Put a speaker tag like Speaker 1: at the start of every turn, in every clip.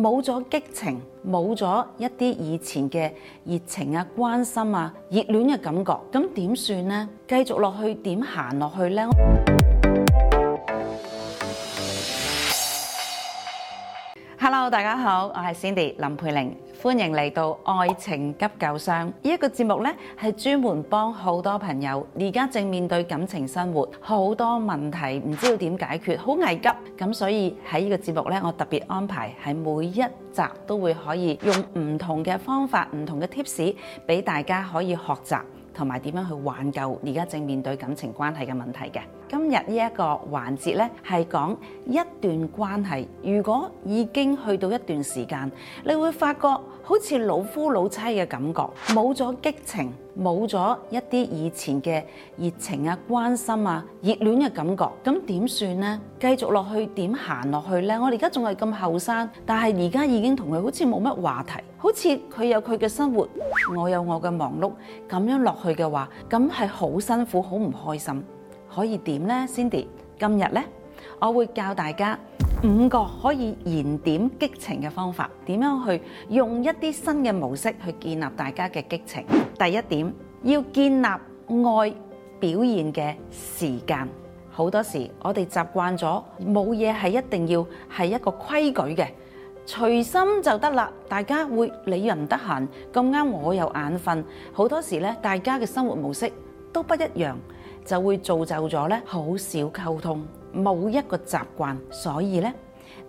Speaker 1: 冇咗激情，冇咗一啲以前嘅熱情啊、關心啊、熱戀嘅感覺，咁點算呢？繼續落去點行落去呢？hello，大家好，我係 Cindy 林佩玲，歡迎嚟到《愛情急救箱》。呢一個節目咧，係專門幫好多朋友，而家正面對感情生活好多問題，唔知道點解決，好危急。咁所以喺呢個節目咧，我特別安排喺每一集都會可以用唔同嘅方法、唔同嘅 tips，俾大家可以學習。同埋點樣去挽救而家正面對感情關係嘅問題嘅？今日呢一個環節呢，係講一段關係，如果已經去到一段時間，你會發覺好似老夫老妻嘅感覺，冇咗激情，冇咗一啲以前嘅熱情啊、關心啊、熱戀嘅感覺，咁點算呢？繼續落去點行落去呢？我哋而家仲係咁後生，但係而家已經同佢好似冇乜話題。好似佢有佢嘅生活，我有我嘅忙碌，咁樣落去嘅話，咁係好辛苦，好唔開心。可以點咧？Cindy？今日咧，我會教大家五個可以燃點激情嘅方法，點樣去用一啲新嘅模式去建立大家嘅激情。第一點，要建立愛表現嘅時間。好多時，我哋習慣咗冇嘢係一定要係一個規矩嘅。隨心就得啦。大家會理人得閒咁啱，我又眼瞓好多時咧。大家嘅生活模式都不一樣，就會造就咗咧好少溝通，冇一個習慣。所以咧，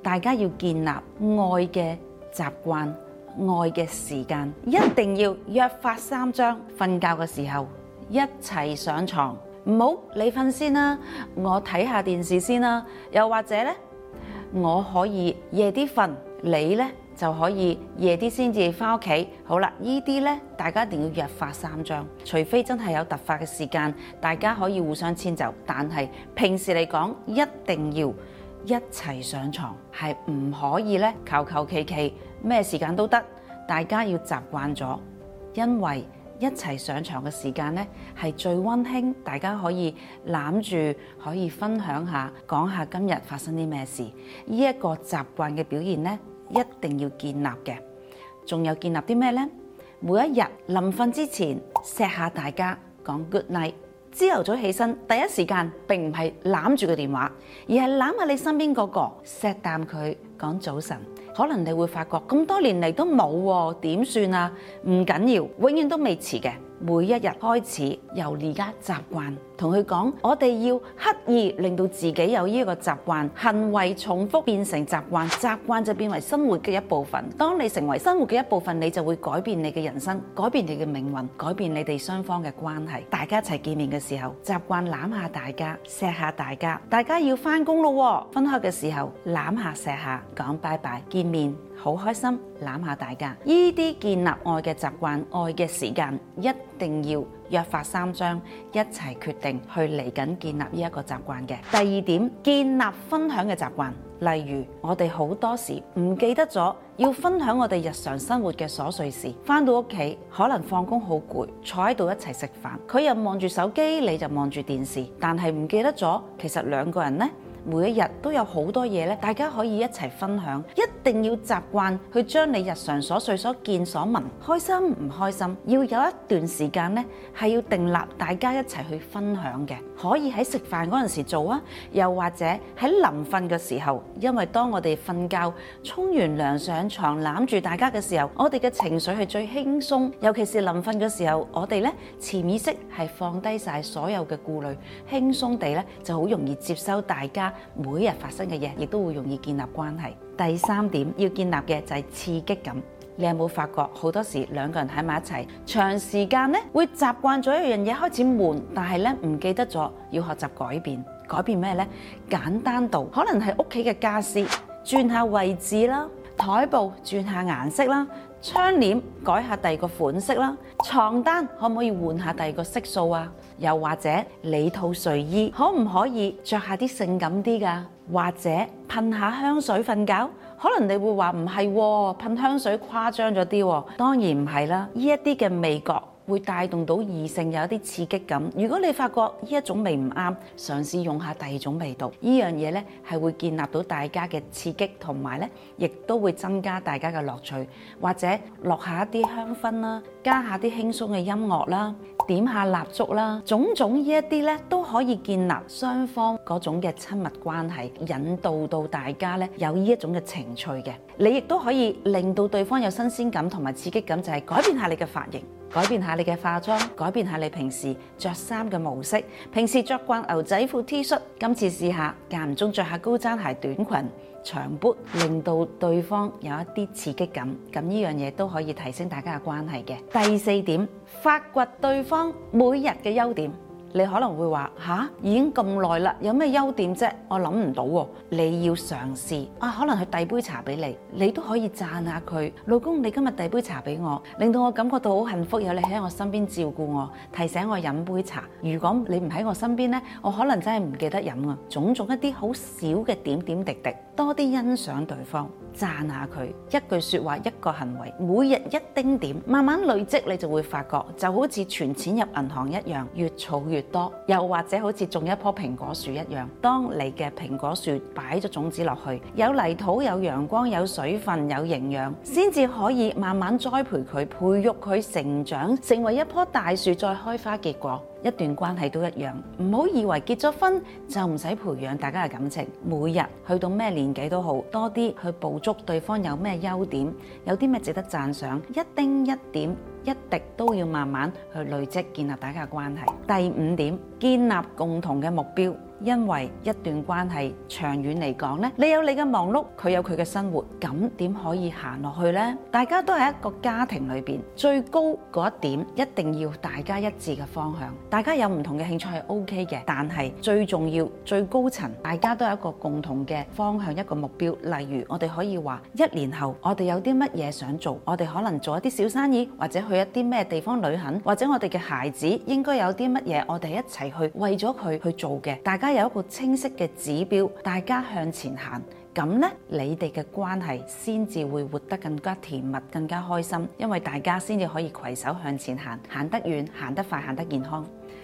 Speaker 1: 大家要建立愛嘅習慣，愛嘅時間一定要約法三章。瞓覺嘅時候一齊上床，唔好你瞓先啦，我睇下電視先啦。又或者咧，我可以夜啲瞓。你呢，就可以夜啲先至翻屋企。好啦，呢啲呢，大家一定要約法三章，除非真係有突發嘅時間，大家可以互相遷就。但係平時嚟講，一定要一齊上床，係唔可以呢，求求其其咩時間都得。大家要習慣咗，因為一齊上床嘅時間呢，係最溫馨，大家可以攬住，可以分享下，講下今日發生啲咩事。呢一個習慣嘅表現呢，一定要建立嘅，仲有建立啲咩呢？每一日臨瞓之前，錫下大家講 good night，朝頭早起身，第一時間並唔係攬住個電話，而係攬下你身邊個個錫啖佢講早晨。可能你會發覺咁多年嚟都冇，點算啊？唔緊要，永遠都未遲嘅。每一日開始，由而家習慣。同佢講，我哋要刻意令到自己有呢個習慣，行為重複變成習慣，習慣就變為生活嘅一部分。當你成為生活嘅一部分，你就會改變你嘅人生，改變你嘅命運，改變你哋雙方嘅關係。大家一齊見面嘅時候，習慣攬下大家，錫下大家。大家要翻工咯，分開嘅時候攬下錫下，講拜拜。見面好開心，攬下大家。依啲建立愛嘅習慣，愛嘅時間一。一定要約法三章，一齊決定去嚟緊建立呢一個習慣嘅。第二點，建立分享嘅習慣，例如我哋好多時唔記得咗要分享我哋日常生活嘅瑣碎事。翻到屋企可能放工好攰，坐喺度一齊食飯，佢又望住手機，你就望住電視，但係唔記得咗，其實兩個人呢？每一日都有好多嘢咧，大家可以一齊分享。一定要習慣去將你日常瑣碎、所見所聞，開心唔開心，要有一段時間咧，係要定立大家一齊去分享嘅。可以喺食飯嗰陣時做啊，又或者喺臨瞓嘅時候，因為當我哋瞓覺沖完涼上床攬住大家嘅時候，我哋嘅情緒係最輕鬆，尤其是臨瞓嘅時候，我哋咧潛意識係放低晒所有嘅顧慮，輕鬆地咧就好容易接收大家。每日發生嘅嘢，亦都會容易建立關係。第三點要建立嘅就係刺激感。你有冇發覺好多時兩個人喺埋一齊，長時間咧會習慣咗一樣嘢，開始悶，但係咧唔記得咗要學習改變。改變咩呢？簡單度可能係屋企嘅家私，轉下位置啦，台布轉下顏色啦，窗簾改下第二個款式啦，床單可唔可以換下第二個色素啊？又或者你套睡衣，可唔可以著下啲性感啲㗎？或者噴下香水瞓覺，可能你會話唔係喎，噴香水誇張咗啲。當然唔係啦，呢一啲嘅味覺。會帶動到異性有一啲刺激感。如果你發覺呢一種味唔啱，嘗試用下第二種味道。呢樣嘢呢，係會建立到大家嘅刺激，同埋呢亦都會增加大家嘅樂趣，或者落下一啲香薰啦，加下啲輕鬆嘅音樂啦，點下蠟燭啦，種種呢一啲呢都可以建立雙方嗰種嘅親密關係，引導到大家呢有呢一種嘅情趣嘅。你亦都可以令到對方有新鮮感同埋刺激感，就係改變下你嘅髮型。改變下你嘅化妝，改變下你平時着衫嘅模式。平時着慣牛仔褲 T 恤，今次試下間唔中着下高踭鞋、短裙、長 boot，令到對方有一啲刺激感。咁呢樣嘢都可以提升大家嘅關係嘅。第四點，發掘對方每日嘅優點。你可能會話吓，已經咁耐啦，有咩優點啫？我諗唔到喎、哦。你要嘗試啊，可能去遞杯茶俾你，你都可以讚下佢。老公，你今日遞杯茶俾我，令到我感覺到好幸福，有你喺我身邊照顧我，提醒我飲杯茶。如果你唔喺我身邊呢，我可能真係唔記得飲啊。種種一啲好少嘅點點滴滴，多啲欣賞對方，讚下佢，一句説話，一個行為，每日一丁點，慢慢累積，你就會發覺就好似存錢入銀行一樣，越儲越多，又或者好似種一棵蘋果樹一樣，當你嘅蘋果樹擺咗種子落去，有泥土、有陽光、有水分、有營養，先至可以慢慢栽培佢、培育佢成長，成為一棵大樹，再開花結果。一段關係都一樣，唔好以為結咗婚就唔使培養大家嘅感情。每日去到咩年紀都好，多啲去捕捉對方有咩優點，有啲咩值得讚賞，一丁一點一滴都要慢慢去累積，建立大家嘅關係。第五點，建立共同嘅目標。因為一段關係長遠嚟講咧，你有你嘅忙碌，佢有佢嘅生活，咁點可以行落去咧？大家都係一個家庭裏邊最高嗰一點，一定要大家一致嘅方向。大家有唔同嘅興趣係 OK 嘅，但係最重要最高層，大家都有一個共同嘅方向一個目標，例如我哋可以話一年後我哋有啲乜嘢想做，我哋可能做一啲小生意，或者去一啲咩地方旅行，或者我哋嘅孩子應該有啲乜嘢，我哋一齊去為咗佢去做嘅，大家。有一個清晰嘅指標，大家向前行，咁咧，你哋嘅關係先至會活得更加甜蜜、更加開心，因為大家先至可以攜手向前行，行得遠、行得快、行得健康。